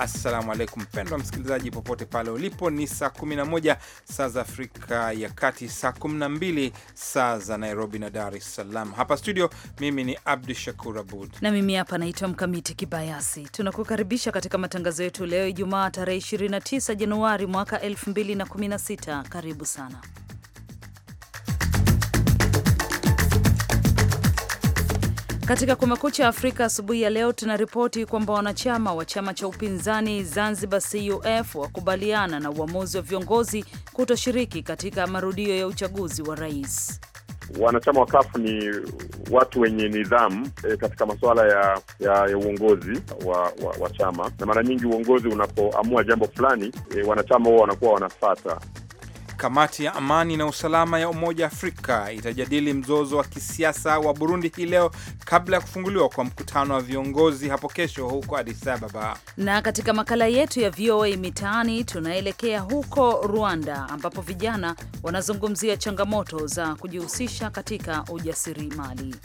Assalamu alaikum mpendwa msikilizaji, popote pale ulipo, ni saa 11 saa za Afrika ya Kati, saa 12 saa za Nairobi na Dar es Salaam. Hapa studio, mimi ni Abdu Shakur Abud na mimi hapa naitwa Mkamiti Kibayasi. Tunakukaribisha katika matangazo yetu leo Ijumaa tarehe 29 Januari mwaka 2016. Karibu sana Katika Kumekucha Afrika asubuhi ya leo tunaripoti kwamba wanachama wa chama cha upinzani Zanzibar CUF wakubaliana na uamuzi wa viongozi kutoshiriki katika marudio ya uchaguzi wa rais. Wanachama wa kafu ni watu wenye nidhamu e, katika masuala ya, ya, ya uongozi wa, wa, wa chama, na mara nyingi uongozi unapoamua jambo fulani e, wanachama huo wanakuwa wanafata Kamati ya amani na usalama ya Umoja Afrika itajadili mzozo wa kisiasa wa Burundi hii leo kabla ya kufunguliwa kwa mkutano wa viongozi hapo kesho huko Addis Ababa. Na katika makala yetu ya VOA Mitaani tunaelekea huko Rwanda, ambapo vijana wanazungumzia changamoto za kujihusisha katika ujasiriamali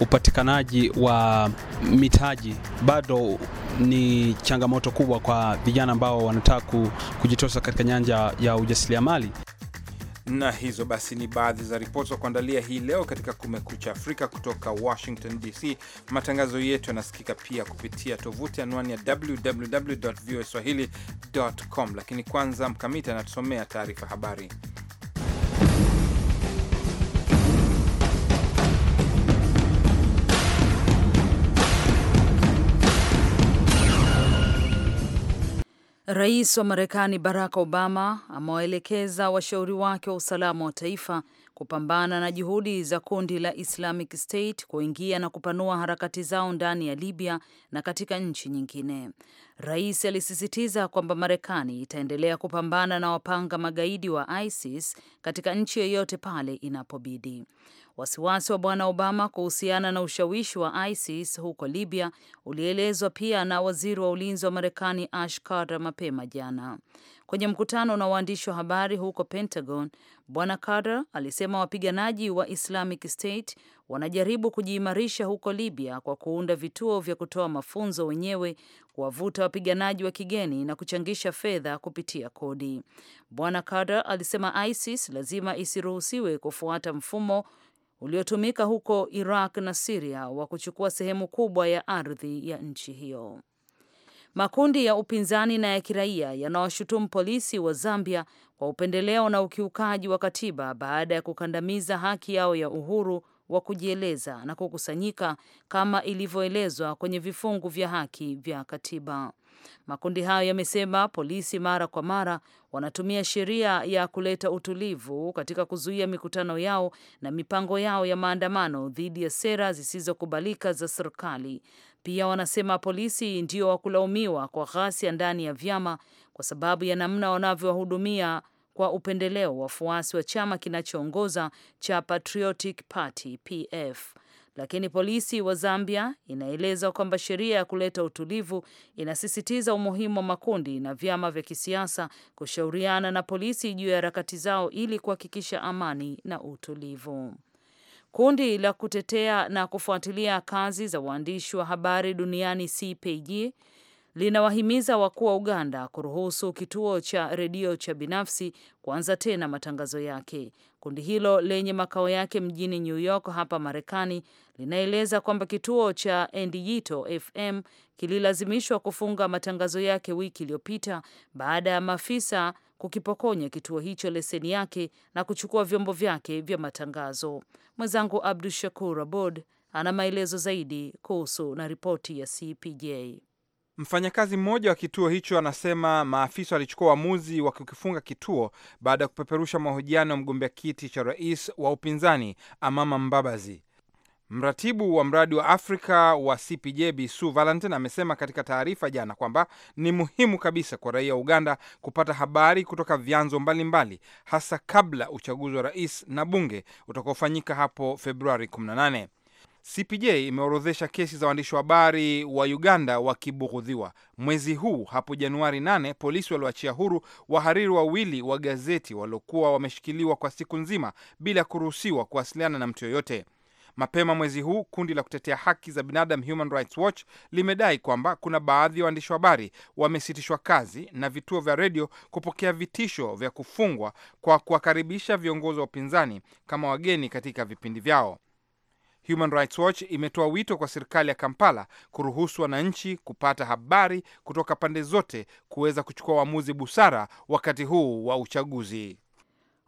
upatikanaji wa mitaji bado ni changamoto kubwa kwa vijana ambao wanataka kujitosa katika nyanja ya ujasiriamali. Na hizo basi ni baadhi za ripoti za kuandalia hii leo katika Kumekucha Afrika kutoka Washington DC. Matangazo yetu yanasikika pia kupitia tovuti anwani ya www voa swahili com, lakini kwanza Mkamiti anatusomea taarifa habari. Rais wa Marekani Barack Obama amewaelekeza washauri wake wa usalama wa taifa kupambana na juhudi za kundi la Islamic State kuingia na kupanua harakati zao ndani ya Libya na katika nchi nyingine. Rais alisisitiza kwamba Marekani itaendelea kupambana na wapanga magaidi wa ISIS katika nchi yoyote pale inapobidi. Wasiwasi wa Bwana Obama kuhusiana na ushawishi wa ISIS huko Libya ulielezwa pia na waziri wa ulinzi wa Marekani Ash Carter mapema jana kwenye mkutano na waandishi wa habari huko Pentagon. Bwana Carter alisema wapiganaji wa Islamic State wanajaribu kujiimarisha huko Libya kwa kuunda vituo vya kutoa mafunzo wenyewe, kuwavuta wapiganaji wa kigeni na kuchangisha fedha kupitia kodi. Bwana Carter alisema ISIS lazima isiruhusiwe kufuata mfumo uliotumika huko Iraq na Siria wa kuchukua sehemu kubwa ya ardhi ya nchi hiyo. Makundi ya upinzani na ya kiraia yanawashutumu polisi wa Zambia kwa upendeleo na ukiukaji wa katiba baada ya kukandamiza haki yao ya uhuru wa kujieleza na kukusanyika kama ilivyoelezwa kwenye vifungu vya haki vya katiba. Makundi hayo yamesema polisi mara kwa mara wanatumia sheria ya kuleta utulivu katika kuzuia mikutano yao na mipango yao ya maandamano dhidi ya sera zisizokubalika za serikali. Pia wanasema polisi ndio wakulaumiwa kwa ghasia ndani ya vyama kwa sababu ya namna wanavyowahudumia kwa upendeleo wafuasi wa chama kinachoongoza cha Patriotic Party PF lakini polisi wa Zambia inaeleza kwamba sheria ya kuleta utulivu inasisitiza umuhimu wa makundi na vyama vya kisiasa kushauriana na polisi juu ya harakati zao ili kuhakikisha amani na utulivu. Kundi la kutetea na kufuatilia kazi za waandishi wa habari duniani cpg linawahimiza wakuu wa Uganda kuruhusu kituo cha redio cha binafsi kuanza tena matangazo yake Kundi hilo lenye makao yake mjini New York hapa Marekani linaeleza kwamba kituo cha Ndiyito FM kililazimishwa kufunga matangazo yake wiki iliyopita baada ya maafisa kukipokonya kituo hicho leseni yake na kuchukua vyombo vyake vya matangazo. Mwenzangu Abdu Shakur Abod ana maelezo zaidi kuhusu na ripoti ya CPJ. Mfanyakazi mmoja wa kituo hicho anasema maafisa walichukua uamuzi wa kukifunga kituo baada ya kupeperusha mahojiano ya mgombea kiti cha rais wa upinzani Amama Mbabazi. Mratibu wa mradi wa Afrika wa CPJ Bisu Valentin amesema katika taarifa jana kwamba ni muhimu kabisa kwa raia wa Uganda kupata habari kutoka vyanzo mbalimbali mbali, hasa kabla uchaguzi wa rais na bunge utakaofanyika hapo Februari 18. CPJ imeorodhesha kesi za waandishi wa habari wa Uganda wakibughudhiwa. Mwezi huu hapo Januari 8 polisi walioachia huru wahariri wawili wa gazeti waliokuwa wameshikiliwa kwa siku nzima bila kuruhusiwa kuwasiliana na mtu yoyote. Mapema mwezi huu kundi la kutetea haki za binadamu Human Rights Watch limedai kwamba kuna baadhi ya waandishi wa habari wamesitishwa kazi na vituo vya redio kupokea vitisho vya kufungwa kwa kuwakaribisha viongozi wa upinzani kama wageni katika vipindi vyao. Human Rights Watch imetoa wito kwa serikali ya Kampala kuruhusu wananchi kupata habari kutoka pande zote kuweza kuchukua uamuzi busara wakati huu wa uchaguzi.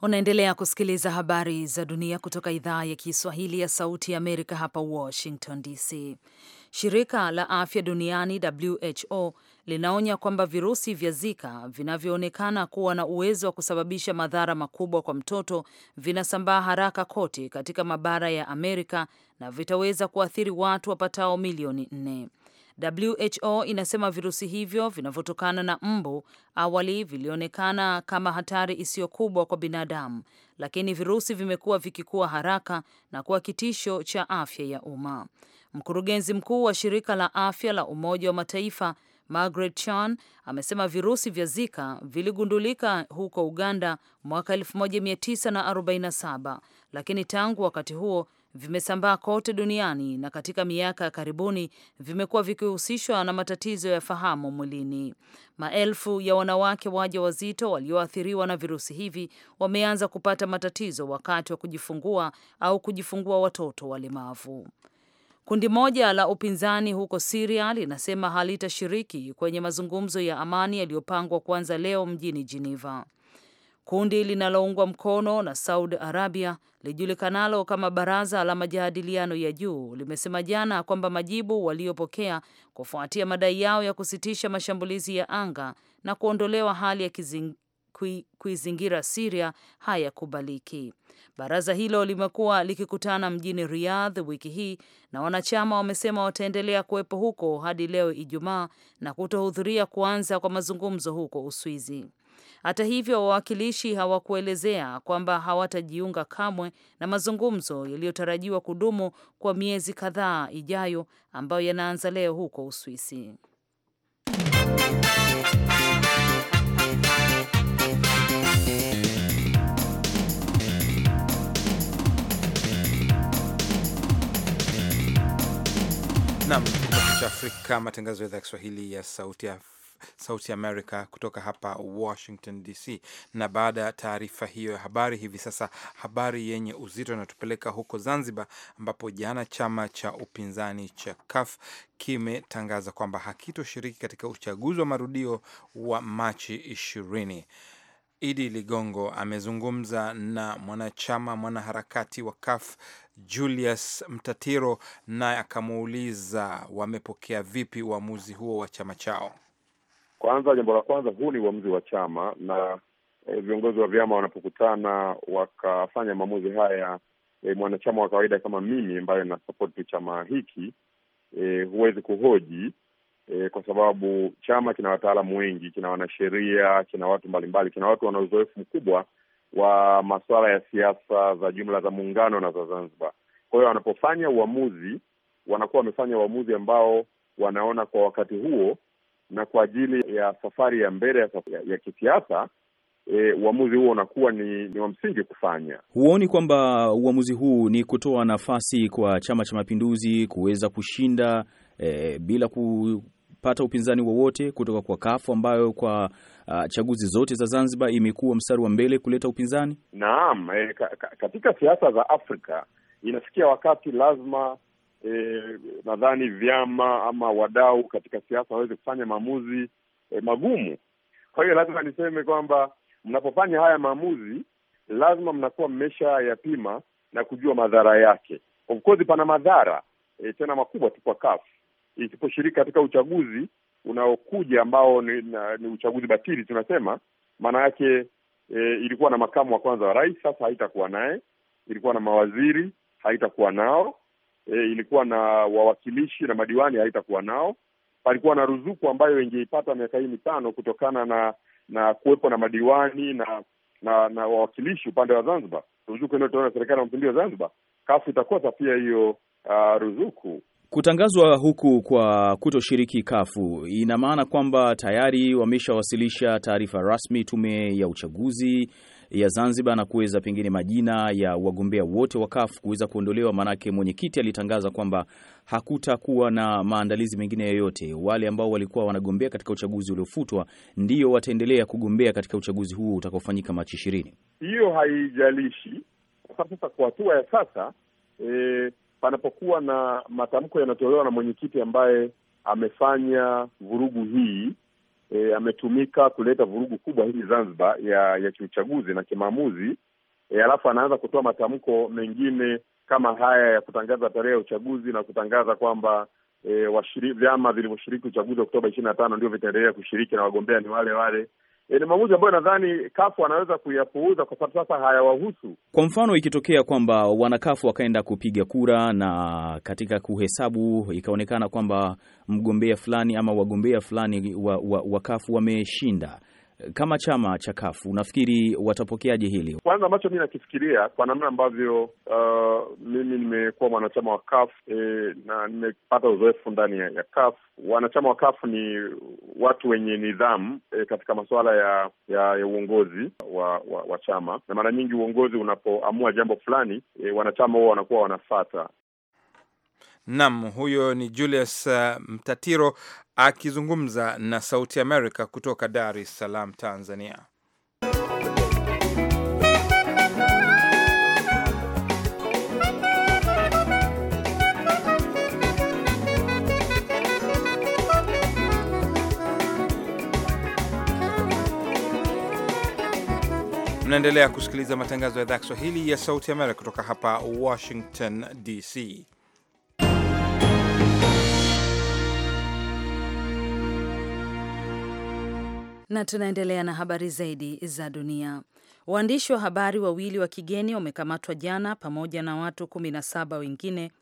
Unaendelea kusikiliza habari za dunia kutoka idhaa ya Kiswahili ya Sauti ya Amerika hapa Washington DC. Shirika la Afya Duniani WHO linaonya kwamba virusi vya Zika vinavyoonekana kuwa na uwezo wa kusababisha madhara makubwa kwa mtoto vinasambaa haraka kote katika mabara ya Amerika na vitaweza kuathiri watu wapatao milioni nne. WHO inasema virusi hivyo vinavyotokana na mbu awali vilionekana kama hatari isiyo kubwa kwa binadamu, lakini virusi vimekuwa vikikua haraka na kuwa kitisho cha afya ya umma. Mkurugenzi mkuu wa shirika la afya la Umoja wa Mataifa Margaret Chan amesema virusi vya Zika viligundulika huko Uganda mwaka 1947 lakini tangu wakati huo vimesambaa kote duniani na katika miaka ya karibuni vimekuwa vikihusishwa na matatizo ya fahamu mwilini. Maelfu ya wanawake waja wazito walioathiriwa na virusi hivi wameanza kupata matatizo wakati wa kujifungua au kujifungua watoto walemavu. Kundi moja la upinzani huko Siria linasema halitashiriki kwenye mazungumzo ya amani yaliyopangwa kuanza leo mjini Geneva. Kundi linaloungwa mkono na Saudi Arabia lijulikanalo kama Baraza la Majadiliano ya Juu limesema jana kwamba majibu waliopokea kufuatia madai yao ya kusitisha mashambulizi ya anga na kuondolewa hali ya kuizingira Siria hayakubaliki. Baraza hilo limekuwa likikutana mjini Riyadh wiki hii na wanachama wamesema wataendelea kuwepo huko hadi leo Ijumaa na kutohudhuria kuanza kwa mazungumzo huko Uswizi. Hata hivyo, wawakilishi hawakuelezea kwamba hawatajiunga kamwe na mazungumzo yaliyotarajiwa kudumu kwa miezi kadhaa ijayo ambayo yanaanza leo huko Uswisi. Kumekucha Afrika, matangazo ya idhaa ya Kiswahili ya Sauti ya Sauti Amerika kutoka hapa Washington DC. Na baada ya taarifa hiyo ya habari, hivi sasa habari yenye uzito inatupeleka huko Zanzibar, ambapo jana chama cha upinzani cha CUF kimetangaza kwamba hakitoshiriki katika uchaguzi wa marudio wa Machi ishirini. Idi Ligongo amezungumza na mwanachama mwanaharakati wa CUF Julius Mtatiro naye akamuuliza wamepokea vipi uamuzi huo wa chama chao. Kwanza, jambo la kwanza, huu ni uamuzi wa chama na e, viongozi wa vyama wanapokutana wakafanya maamuzi haya e, mwanachama wa kawaida kama mimi ambayo nasapoti chama hiki e, huwezi kuhoji e, kwa sababu chama kina wataalamu wengi, kina wanasheria, kina watu mbalimbali, kina watu wana uzoefu mkubwa wa masuala ya siasa za jumla za muungano na za Zanzibar. Kwa hiyo wanapofanya uamuzi, wanakuwa wamefanya uamuzi ambao wanaona kwa wakati huo na kwa ajili ya safari ya mbele ya, ya kisiasa E, uamuzi huo unakuwa ni, ni wa msingi kufanya. Huoni kwamba uamuzi huu ni kutoa nafasi kwa Chama cha Mapinduzi kuweza kushinda e, bila ku, kupata upinzani wowote kutoka kwa kafu ambayo kwa uh, chaguzi zote za Zanzibar imekuwa mstari wa mbele kuleta upinzani. Naam, e, ka, ka, katika siasa za Afrika inafikia wakati lazima e, nadhani vyama ama wadau katika siasa waweze kufanya maamuzi e, magumu. Kwa hiyo lazima niseme kwamba mnapofanya haya maamuzi lazima mnakuwa mmesha pima na kujua madhara yake. Of course pana madhara e, tena makubwa tu kwa kafu isiposhiriki katika uchaguzi unaokuja ambao ni, na, ni uchaguzi batili tunasema. Maana yake e, ilikuwa na makamu wa kwanza wa rais, sasa haitakuwa naye. Ilikuwa na mawaziri, haitakuwa nao. E, ilikuwa na wawakilishi na madiwani, haitakuwa nao. Palikuwa na ruzuku ambayo ingeipata miaka hii mitano kutokana na na kuwepo na madiwani na na, na wawakilishi upande wa Zanzibar, ruzuku inayotolewa na serikali ya mapinduzi ya Zanzibar. Kafu itakosa pia hiyo uh, ruzuku Kutangazwa huku kwa kutoshiriki kafu ina maana kwamba tayari wameshawasilisha taarifa rasmi tume ya uchaguzi ya Zanzibar na kuweza pengine majina ya wagombea wote wa kafu kuweza kuondolewa. Maanake mwenyekiti alitangaza kwamba hakutakuwa na maandalizi mengine yoyote. Wale ambao walikuwa wanagombea katika uchaguzi uliofutwa ndio wataendelea kugombea katika uchaguzi huo utakaofanyika Machi ishirini. Hiyo haijalishi kwa sasa, kwa hatua ya sasa e panapokuwa na matamko yanatolewa na mwenyekiti ambaye amefanya vurugu hii e, ametumika kuleta vurugu kubwa hii Zanzibar ya ya kiuchaguzi na kimaamuzi e, alafu anaanza kutoa matamko mengine kama haya ya kutangaza tarehe ya uchaguzi na kutangaza kwamba e, vyama vilivyoshiriki uchaguzi wa Oktoba ishirini na tano ndio vitaendelea kushiriki na wagombea ni wale wale. E, ni maamuzi ambayo nadhani kafu anaweza kuyapuuza kwa sababu sasa hayawahusu. Kwa mfano, ikitokea kwamba wanakafu wakaenda kupiga kura na katika kuhesabu ikaonekana kwamba mgombea fulani ama wagombea fulani wa, wa, wa kafu wameshinda, kama chama cha Kafu, unafikiri watapokeaje hili? Kwanza ambacho mi nakifikiria kwa namna ambavyo uh, mimi nimekuwa mwanachama wa Kafu e, eh, na nimepata uzoefu ndani ya, ya Kafu. Wanachama wa Kafu ni watu wenye nidhamu e, katika masuala ya, ya, ya uongozi wa, wa, wa chama, na mara nyingi uongozi unapoamua jambo fulani e, wanachama huwa wanakuwa wanafata Nam, huyo ni Julius uh, Mtatiro akizungumza na Sauti Amerika kutoka Dar es Salaam, Tanzania. Mnaendelea kusikiliza matangazo ya idhaa ya Kiswahili ya Sauti Amerika kutoka hapa Washington DC. na tunaendelea na habari zaidi za dunia. Waandishi wa habari wawili wa kigeni wamekamatwa jana pamoja na watu saba wengine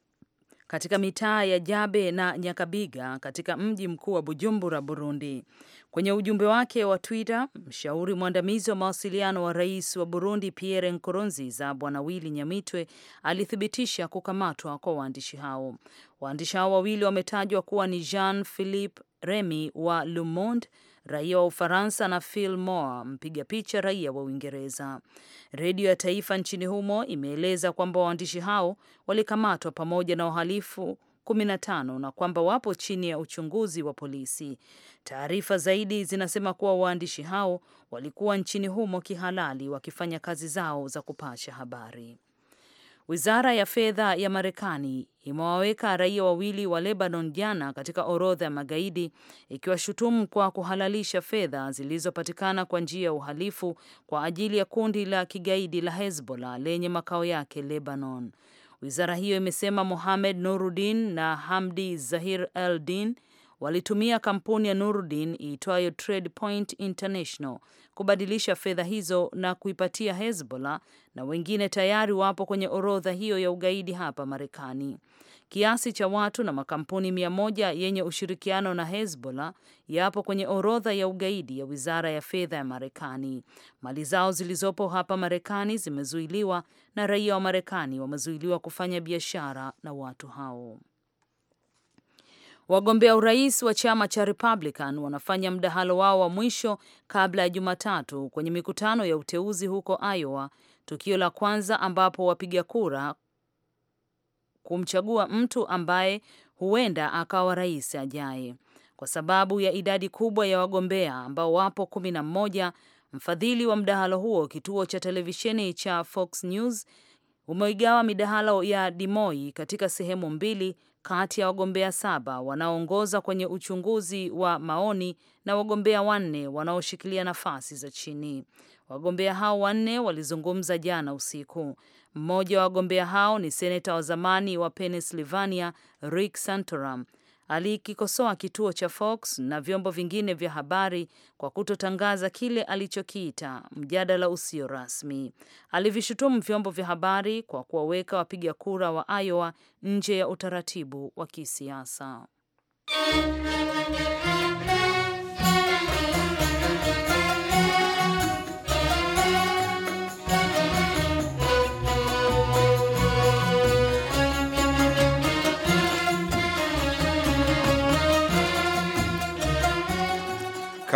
katika mitaa ya Jabe na Nyakabiga katika mji mkuu wa Bujumbura, Burundi. Kwenye ujumbe wake wa Twitter, mshauri mwandamizi wa mawasiliano wa rais wa Burundi Pierre Nkurunziza, Bwana Willy Nyamitwe alithibitisha kukamatwa kwa waandishi hao. Waandishi hao wawili wametajwa kuwa ni Jean Philippe Remy wa Le Monde raia wa Ufaransa na Phil Moore, mpiga picha raia wa Uingereza. Redio ya taifa nchini humo imeeleza kwamba waandishi hao walikamatwa pamoja na uhalifu 15 na kwamba wapo chini ya uchunguzi wa polisi. Taarifa zaidi zinasema kuwa waandishi hao walikuwa nchini humo kihalali wakifanya kazi zao za kupasha habari. Wizara ya fedha ya Marekani imewaweka raia wawili wa Lebanon jana katika orodha ya magaidi ikiwashutumu kwa kuhalalisha fedha zilizopatikana kwa njia ya uhalifu kwa ajili ya kundi la kigaidi la Hezbollah lenye makao yake Lebanon. Wizara hiyo imesema Mohamed Nuruddin na Hamdi Zahir Eldin Din walitumia kampuni ya nurudin iitwayo Point International kubadilisha fedha hizo na kuipatia Hezbollah, na wengine tayari wapo kwenye orodha hiyo ya ugaidi hapa Marekani. Kiasi cha watu na makampuni mia moja yenye ushirikiano na Hezbollah yapo kwenye orodha ya ugaidi ya Wizara ya Fedha ya Marekani. Mali zao zilizopo hapa Marekani zimezuiliwa na raia wa Marekani wamezuiliwa kufanya biashara na watu hao. Wagombea urais wa chama cha Republican wanafanya mdahalo wao wa mwisho kabla ya Jumatatu kwenye mikutano ya uteuzi huko Iowa, tukio la kwanza ambapo wapiga kura kumchagua mtu ambaye huenda akawa rais ajaye. Kwa sababu ya idadi kubwa ya wagombea ambao wapo kumi na mmoja, mfadhili wa mdahalo huo, kituo cha televisheni cha Fox News, umeigawa midahalo ya dimoi katika sehemu mbili, kati ya wagombea saba wanaoongoza kwenye uchunguzi wa maoni na wagombea wanne wanaoshikilia nafasi za chini. Wagombea hao wanne walizungumza jana usiku. Mmoja wa wagombea hao ni seneta wa zamani wa Pennsylvania Rick Santorum alikikosoa kituo cha Fox na vyombo vingine vya habari kwa kutotangaza kile alichokiita mjadala usio rasmi. Alivishutumu vyombo vya habari kwa kuwaweka wapiga kura wa Iowa nje ya utaratibu wa kisiasa.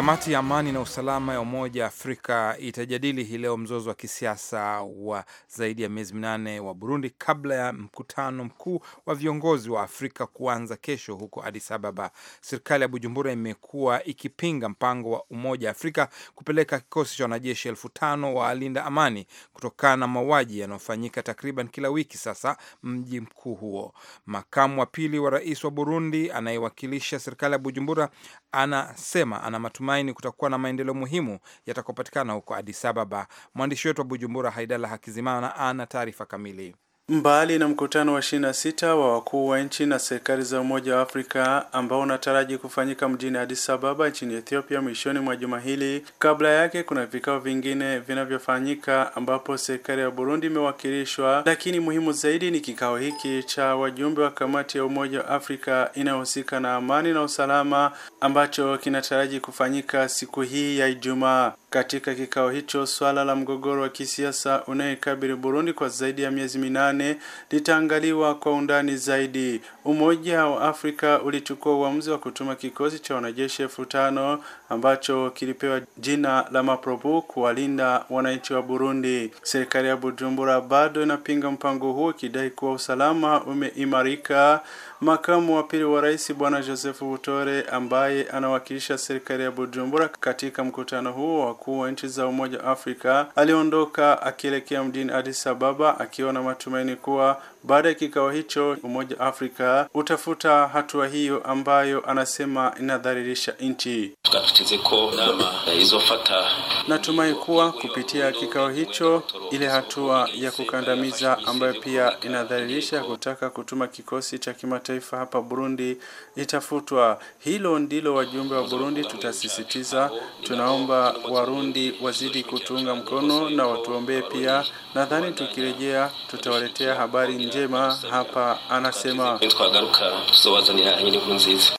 Kamati ya amani na usalama ya Umoja Afrika itajadili hii leo mzozo wa kisiasa wa zaidi ya miezi minane wa Burundi kabla ya mkutano mkuu wa viongozi wa Afrika kuanza kesho huko Addis Ababa. Serikali ya Bujumbura imekuwa ikipinga mpango wa Umoja Afrika kupeleka kikosi cha wanajeshi elfu tano wa alinda amani kutokana na mauaji yanayofanyika takriban kila wiki sasa mji mkuu huo. Makamu wa pili wa rais wa Burundi anayewakilisha serikali ya Bujumbura anasema ana matumaini anatumaini kutakuwa na maendeleo muhimu yatakopatikana huko Addis Ababa. Mwandishi wetu wa Bujumbura, Haidala Hakizimana, ana taarifa kamili. Mbali na mkutano wa 26 wa wakuu wa nchi na serikali za Umoja wa Afrika ambao unataraji kufanyika mjini Addis Ababa nchini Ethiopia mwishoni mwa juma hili, kabla yake kuna vikao vingine vinavyofanyika ambapo serikali ya Burundi imewakilishwa, lakini muhimu zaidi ni kikao hiki cha wajumbe wa kamati ya Umoja wa Afrika inayohusika na amani na usalama ambacho kinataraji kufanyika siku hii ya Ijumaa. Katika kikao hicho swala la mgogoro wa kisiasa unayekabili Burundi kwa zaidi ya miezi minane litaangaliwa kwa undani zaidi. Umoja wa Afrika ulichukua uamuzi wa kutuma kikosi cha wanajeshi elfu tano ambacho kilipewa jina la Maprobu kuwalinda wananchi wa Burundi. Serikali ya Bujumbura bado inapinga mpango huo ikidai kuwa usalama umeimarika. Makamu wa pili wa rais Bwana Joseph Butore ambaye anawakilisha serikali ya Bujumbura katika mkutano huo wa kuu wa nchi za Umoja wa Afrika aliondoka akielekea mjini Addis Ababa akiwa na matumaini kuwa baada ya kikao hicho, Umoja Afrika utafuta hatua hiyo ambayo anasema inadhalilisha nchi. Natumai kuwa kupitia kikao hicho, ile hatua ya kukandamiza ambayo pia inadhalilisha kutaka kutuma kikosi cha kimataifa hapa Burundi itafutwa. Hilo ndilo wajumbe wa Burundi tutasisitiza. Tunaomba Warundi wazidi kutuunga mkono na watuombee pia. Nadhani tukirejea tutawaletea habari njema hapa anasema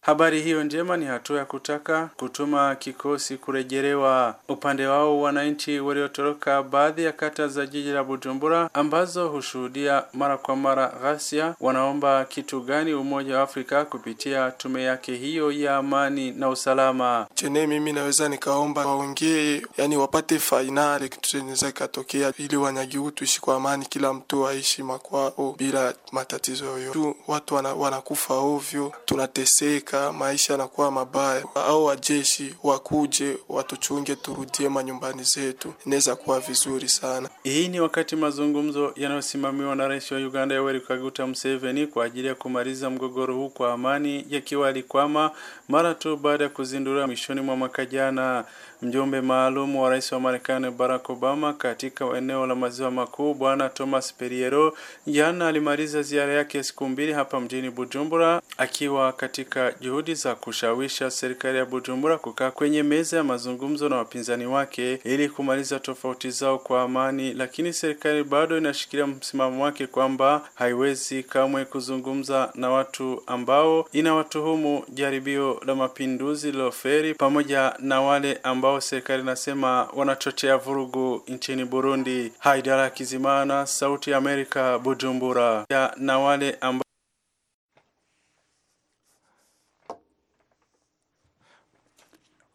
habari hiyo njema ni hatua ya kutaka kutuma kikosi kurejelewa. Upande wao wananchi waliotoroka baadhi ya kata za jiji la Bujumbura ambazo hushuhudia mara kwa mara ghasia, wanaomba kitu gani Umoja wa Afrika kupitia tume yake hiyo ya amani na usalama? Chene, mimi naweza nikaomba waongee, yani wapate fainali kitu inaweza ikatokea, ili wanyagiu tuishi kwa amani, kila mtu aishi makwao bila matatizo yoyote. Watu wanakufa wana ovyo, tunateseka, maisha yanakuwa mabaya. Au wajeshi wakuje watuchunge, turudie manyumbani zetu, inaweza kuwa vizuri sana. Hii ni wakati mazungumzo yanayosimamiwa na rais wa Uganda Yoweri Kaguta Museveni kwa ajili ya kumaliza mgogoro huu kwa amani yakiwa alikwama mara tu baada ya kuzinduliwa mwishoni mwa mwaka jana. Mjumbe maalum wa rais wa Marekani Barack Obama katika eneo la maziwa makuu Bwana Thomas Periero jana alimaliza ziara yake ya siku mbili hapa mjini Bujumbura, akiwa katika juhudi za kushawisha serikali ya Bujumbura kukaa kwenye meza ya mazungumzo na wapinzani wake ili kumaliza tofauti zao kwa amani, lakini serikali bado inashikilia msimamo wake kwamba haiwezi kamwe kuzungumza na watu ambao inawatuhumu jaribio la mapinduzi liloferi pamoja na wale ambao ambao serikali inasema wanachochea vurugu nchini Burundi. Haidara Kizimana, Sauti ya Amerika, Bujumbura. Ya, na wale ambao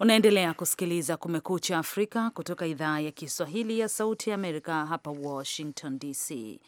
Unaendelea kusikiliza Kumekucha Afrika kutoka idhaa ya Kiswahili ya Sauti ya Amerika hapa Washington DC.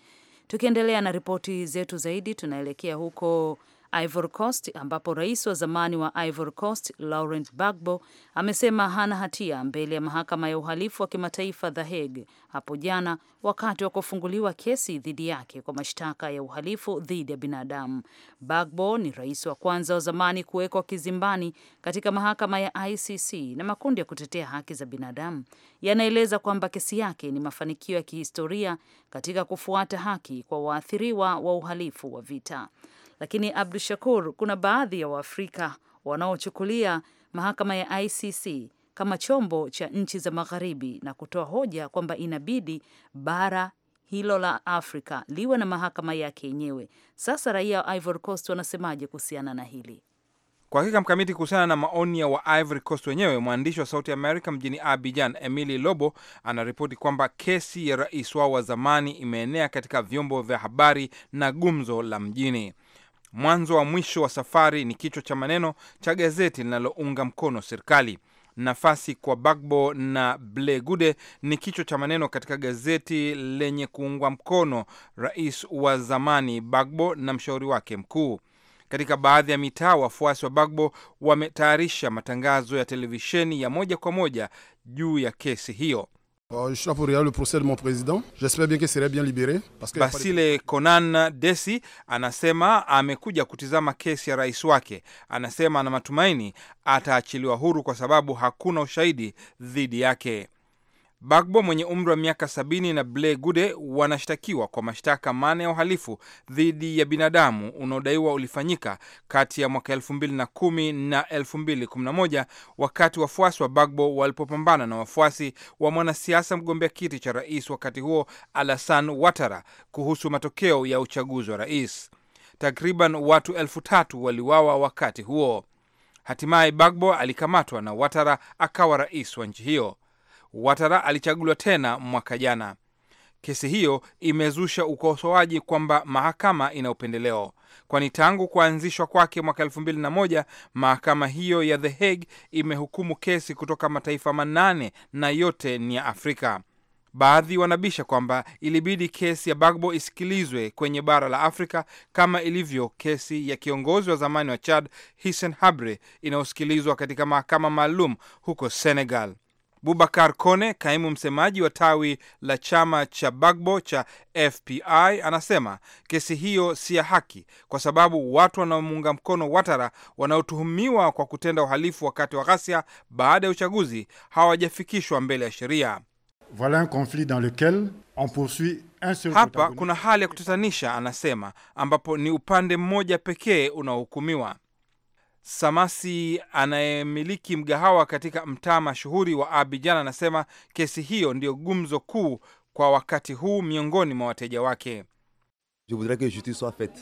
Tukiendelea na ripoti zetu zaidi, tunaelekea huko Ivory Coast, ambapo rais wa zamani wa Ivory Coast Laurent Gbagbo amesema hana hatia mbele ya mahakama ya uhalifu wa kimataifa The Hague hapo jana wakati wa kufunguliwa kesi dhidi yake kwa mashtaka ya uhalifu dhidi ya binadamu. Gbagbo ni rais wa kwanza wa zamani kuwekwa kizimbani katika mahakama ya ICC na makundi ya kutetea haki za binadamu yanaeleza kwamba kesi yake ni mafanikio ya kihistoria katika kufuata haki kwa waathiriwa wa uhalifu wa vita. Lakini Abdu Shakur, kuna baadhi ya Waafrika wanaochukulia mahakama ya ICC kama chombo cha nchi za magharibi na kutoa hoja kwamba inabidi bara hilo la Afrika liwe na mahakama yake yenyewe. Sasa raia wa Ivory Coast wanasemaje kuhusiana na hili? Kwa hakika mkamiti, kuhusiana na maoni ya wa Ivory Coast wenyewe, mwandishi wa Sauti Amerika mjini Abidjan, Emily Lobo, anaripoti kwamba kesi ya rais wao wa zamani imeenea katika vyombo vya habari na gumzo la mjini. Mwanzo wa mwisho wa safari ni kichwa cha maneno cha gazeti linalounga mkono serikali. Nafasi kwa Bagbo na ble gude ni kichwa cha maneno katika gazeti lenye kuungwa mkono rais wa zamani Bagbo na mshauri wake mkuu. Katika baadhi ya mitaa, wafuasi wa Bagbo wametayarisha matangazo ya televisheni ya moja kwa moja juu ya kesi hiyo. Euh, je suis là pour regarder le procès de mon président. J'espère bien qu'il serait bien libéré. Basile Konan Desi anasema amekuja kutizama kesi ya rais wake. Anasema ana matumaini ataachiliwa huru kwa sababu hakuna ushahidi dhidi yake. Bagbo mwenye umri wa miaka sabini na Ble Gude wanashtakiwa kwa mashtaka mane ya uhalifu dhidi ya binadamu unaodaiwa ulifanyika kati ya mwaka mbili na moja wakati wafuasi wa Bagbo walipopambana na wafuasi wa mwanasiasa mgombea kiti cha rais wakati huo Alasan Watara kuhusu matokeo ya uchaguzi wa rais. Takriban watu elfu tatu waliwawa wakati huo. Hatimaye Bagbo alikamatwa na Watara akawa rais wa nchi hiyo. Watara alichaguliwa tena mwaka jana. Kesi hiyo imezusha ukosoaji kwamba mahakama ina upendeleo, kwani tangu kuanzishwa kwake mwaka elfu mbili na moja mahakama hiyo ya The Hague imehukumu kesi kutoka mataifa manane na yote ni ya Afrika. Baadhi wanabisha kwamba ilibidi kesi ya Bagbo isikilizwe kwenye bara la Afrika kama ilivyo kesi ya kiongozi wa zamani wa Chad Hissen Habre inayosikilizwa katika mahakama maalum huko Senegal. Bubakar Kone, kaimu msemaji wa tawi la chama cha Bagbo cha FPI, anasema kesi hiyo si ya haki kwa sababu watu wanaomuunga mkono Watara wanaotuhumiwa kwa kutenda uhalifu wakati wa ghasia baada ya uchaguzi hawajafikishwa mbele ya sheria. Voilà un conflit dans lequel on poursuit un seul. Hapa kuna hali ya kutatanisha, anasema, ambapo ni upande mmoja pekee unaohukumiwa. Samasi anayemiliki mgahawa katika mtaa mashuhuri wa abijan anasema kesi hiyo ndiyo gumzo kuu kwa wakati huu miongoni mwa wateja wake. Je voudrais que justice soit faite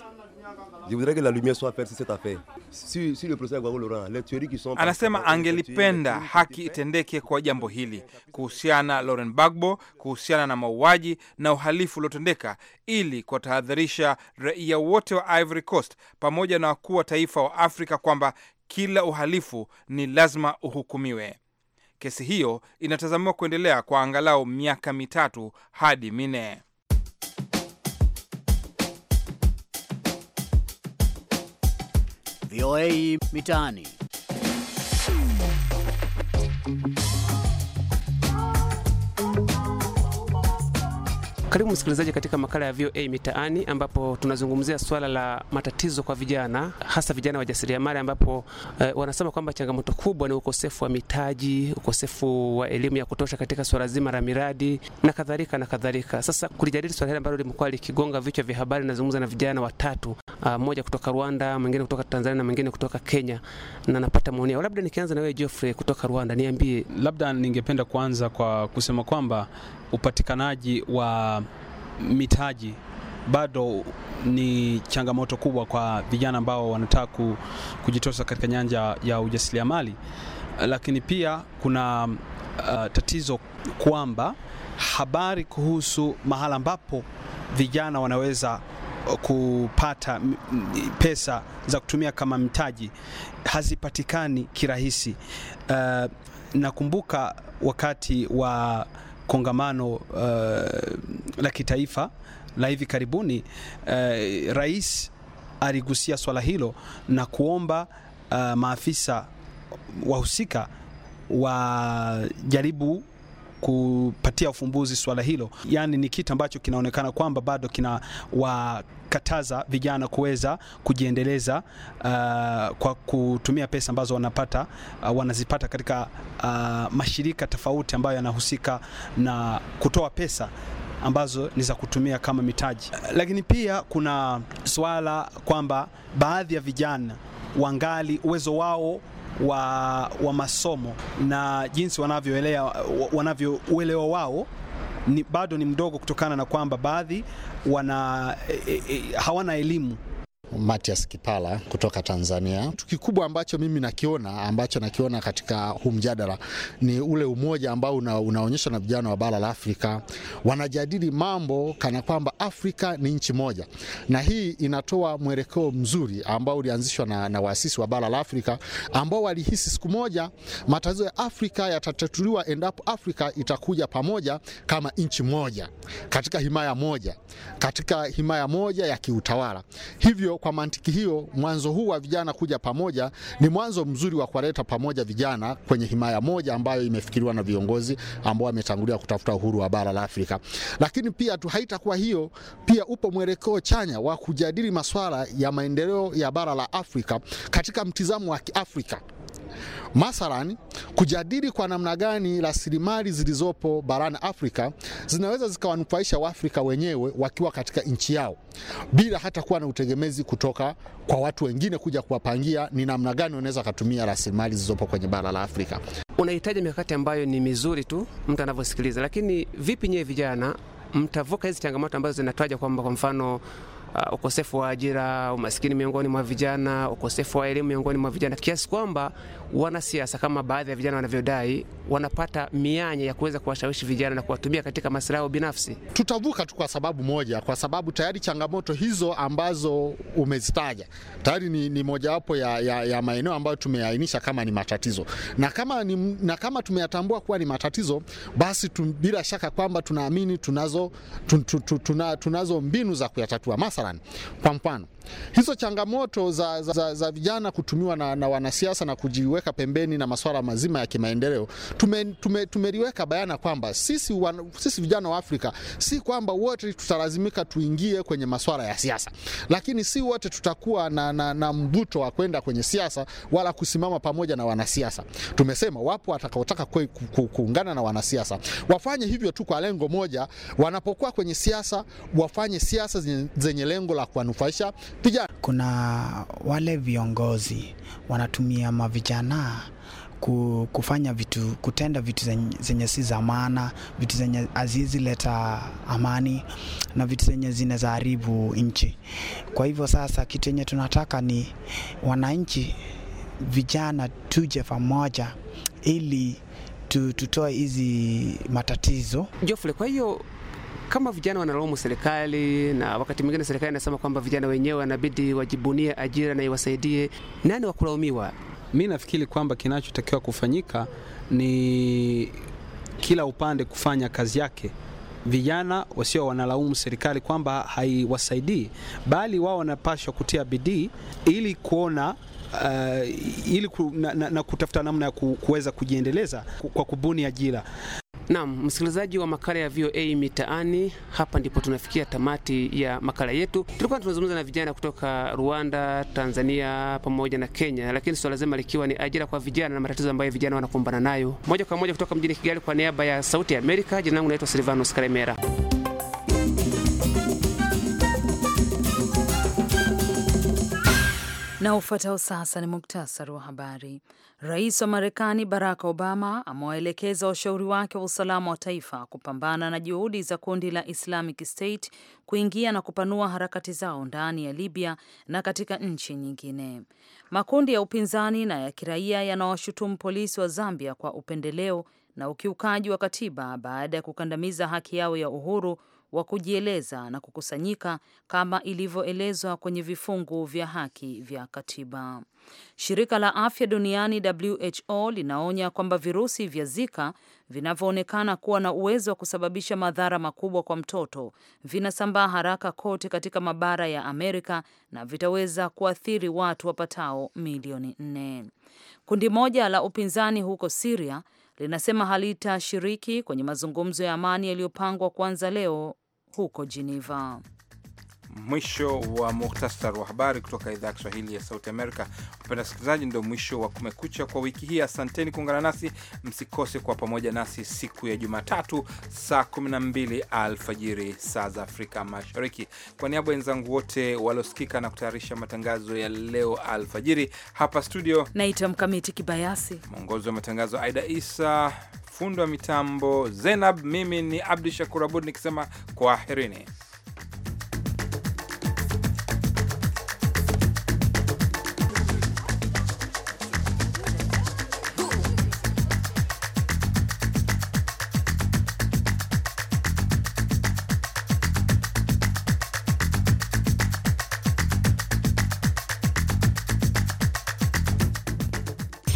Je voudrais que la lumière soit faite sur cette affaire. Si, si le procès Gwago Laurent, les théories qui sont Anasema angelipenda haki itendeke kwa jambo hili kuhusiana Lauren Bagbo, kuhusiana na mauaji na uhalifu uliotendeka ili kuwatahadharisha raia wote wa Ivory Coast pamoja na wakuu wa taifa wa Afrika kwamba kila uhalifu ni lazima uhukumiwe. Kesi hiyo inatazamiwa kuendelea kwa angalau miaka mitatu hadi minne. VOA Mitaani. Karibu msikilizaji katika makala ya VOA Mitaani ambapo tunazungumzia swala la matatizo kwa vijana hasa vijana wa jasiriamali ambapo eh, wanasema kwamba changamoto kubwa ni ukosefu wa mitaji, ukosefu wa elimu ya kutosha katika swala zima la miradi na kadhalika na kadhalika. Sasa kulijadili swala hili ambalo limekuwa likigonga vichwa vya habari, nazungumza na vijana watatu, mmoja ah, kutoka Rwanda, mwingine kutoka Tanzania na mwingine kutoka Kenya na napata maoni yao. Labda nikianza na wewe Geoffrey kutoka Rwanda, niambie. Labda ningependa kuanza kwa kusema kwamba upatikanaji wa mitaji bado ni changamoto kubwa kwa vijana ambao wanataka kujitosa katika nyanja ya ujasiriamali, lakini pia kuna uh, tatizo kwamba habari kuhusu mahala ambapo vijana wanaweza kupata pesa za kutumia kama mtaji hazipatikani kirahisi. Uh, nakumbuka wakati wa kongamano uh, la kitaifa la hivi karibuni uh, rais aligusia swala hilo na kuomba uh, maafisa wahusika wajaribu kupatia ufumbuzi swala hilo. Yani ni kitu ambacho kinaonekana kwamba bado kina kataza vijana kuweza kujiendeleza uh, kwa kutumia pesa ambazo wanapata uh, wanazipata katika uh, mashirika tofauti ambayo yanahusika na kutoa pesa ambazo ni za kutumia kama mitaji. Lakini pia kuna swala kwamba baadhi ya vijana wangali uwezo wao wa, wa masomo na jinsi wanavyouelewa wanavyouelewa wao ni, bado ni mdogo kutokana na kwamba baadhi wana e, e, e hawana elimu Matias Kipala kutoka Tanzania. Kitu kikubwa ambacho mimi nakiona ambacho nakiona katika huu mjadala ni ule umoja ambao una, unaonyeshwa na vijana wa bara la Afrika. Wanajadili mambo kana kwamba Afrika ni nchi moja, na hii inatoa mwelekeo mzuri ambao ulianzishwa na, na waasisi wa bara la Afrika ambao walihisi siku moja matatizo ya Afrika yatatatuliwa endapo Afrika itakuja pamoja kama nchi moja katika himaya moja katika himaya moja ya kiutawala hivyo kwa mantiki hiyo, mwanzo huu wa vijana kuja pamoja ni mwanzo mzuri wa kuwaleta pamoja vijana kwenye himaya moja ambayo imefikiriwa na viongozi ambao wametangulia kutafuta uhuru wa bara la Afrika. Lakini pia tu haitakuwa hiyo, pia upo mwelekeo chanya wa kujadili masuala ya maendeleo ya bara la Afrika katika mtizamo wa Kiafrika. Mathalan, kujadili kwa namna gani rasilimali zilizopo barani Afrika zinaweza zikawanufaisha Waafrika wenyewe wakiwa katika nchi yao bila hata kuwa na utegemezi kutoka kwa watu wengine kuja kuwapangia ni namna gani wanaweza wakatumia rasilimali zilizopo kwenye bara la Afrika. Unahitaji mikakati ambayo ni mizuri tu mtu anavyosikiliza, lakini vipi nyewe vijana mtavuka hizi changamoto ambazo zinataja kwamba kwa mfano uh, ukosefu wa ajira, umaskini miongoni mwa vijana, ukosefu wa elimu miongoni mwa vijana, kiasi kwamba wanasiasa kama baadhi ya vijana wanavyodai wanapata mianya ya kuweza kuwashawishi vijana na kuwatumia katika maslahi yao binafsi. Tutavuka tu kwa sababu moja, kwa sababu tayari changamoto hizo ambazo umezitaja tayari ni, ni mojawapo ya, ya, ya maeneo ambayo tumeainisha kama ni matatizo na kama, ni, na kama tumeyatambua kuwa ni matatizo, basi tum, bila shaka kwamba tunaamini tunazo, tun, tun, tun, tun, tunazo mbinu za kuyatatua masuala Пампан. hizo changamoto za, za, za, za vijana kutumiwa na, na wanasiasa na kujiweka pembeni na masuala mazima ya kimaendeleo tumeliweka tume, tume bayana kwamba sisi, wan, sisi vijana wa Afrika si kwamba wote tutalazimika tuingie kwenye masuala ya siasa, lakini si wote tutakuwa na, na, na mbuto wa kwenda kwenye siasa wala kusimama pamoja na wanasiasa. Tumesema wapo watakaotaka kuungana na wanasiasa wafanye hivyo tu kwa lengo moja, wanapokuwa kwenye siasa wafanye siasa zenye lengo la kuwanufaisha vijana. Kuna wale viongozi wanatumia mavijana kufanya vitu, kutenda vitu zenye, si za maana, vitu zenye haziwezi leta amani na vitu zenye zinaweza haribu nchi. Kwa hivyo sasa, kitu yenye tunataka ni wananchi vijana tuje pamoja ili tutoe hizi matatizo Jofle. Kwa hiyo kama vijana wanalaumu serikali na wakati mwingine serikali inasema kwamba vijana wenyewe wanabidi wajibunie ajira na iwasaidie, nani wakulaumiwa Mi nafikiri kwamba kinachotakiwa kufanyika ni kila upande kufanya kazi yake. Vijana wasio wanalaumu serikali kwamba haiwasaidii, bali wao wanapashwa kutia bidii ili kuona uh, ili ku, na, na, na kutafuta namna ya ku, kuweza kujiendeleza kwa kubuni ajira. Naam, msikilizaji wa makala ya VOA Mitaani, hapa ndipo tunafikia tamati ya makala yetu. Tulikuwa tunazungumza na vijana kutoka Rwanda, Tanzania pamoja na Kenya, lakini swala zima likiwa ni ajira kwa vijana na matatizo ambayo vijana wanakumbana nayo. Moja kwa moja kutoka mjini Kigali, kwa niaba ya Sauti ya Amerika, jina langu naitwa Silvanus Karemera. Na ufuatao sasa ni muktasari wa habari. Rais wa Marekani Barack Obama amewaelekeza washauri wake wa usalama wa taifa kupambana na juhudi za kundi la Islamic State kuingia na kupanua harakati zao ndani ya Libya na katika nchi nyingine. Makundi ya upinzani na ya kiraia yanawashutumu polisi wa Zambia kwa upendeleo na ukiukaji wa katiba baada ya kukandamiza haki yao ya uhuru wa kujieleza na kukusanyika kama ilivyoelezwa kwenye vifungu vya haki vya katiba. Shirika la afya duniani WHO linaonya kwamba virusi vya Zika vinavyoonekana kuwa na uwezo wa kusababisha madhara makubwa kwa mtoto vinasambaa haraka kote katika mabara ya Amerika na vitaweza kuathiri watu wapatao milioni nne. Kundi moja la upinzani huko Siria linasema halitashiriki kwenye mazungumzo ya amani yaliyopangwa kuanza leo huko Geneva. Mwisho wa muhtasari wa habari kutoka idhaa ya Kiswahili ya Sauti Amerika. Upenda sikilizaji, ndio mwisho wa Kumekucha kwa wiki hii. Asanteni kuungana nasi, msikose kwa pamoja nasi siku ya Jumatatu saa 12 alfajiri saa za Afrika Mashariki. Kwa niaba wenzangu wote waliosikika na kutayarisha matangazo ya leo alfajiri hapa studio, naitwa Mkamiti Kibayasi, mwongozi wa matangazo Aida Isa, fundi wa mitambo Zenab, mimi ni Abdu Shakur Abud nikisema kwaherini.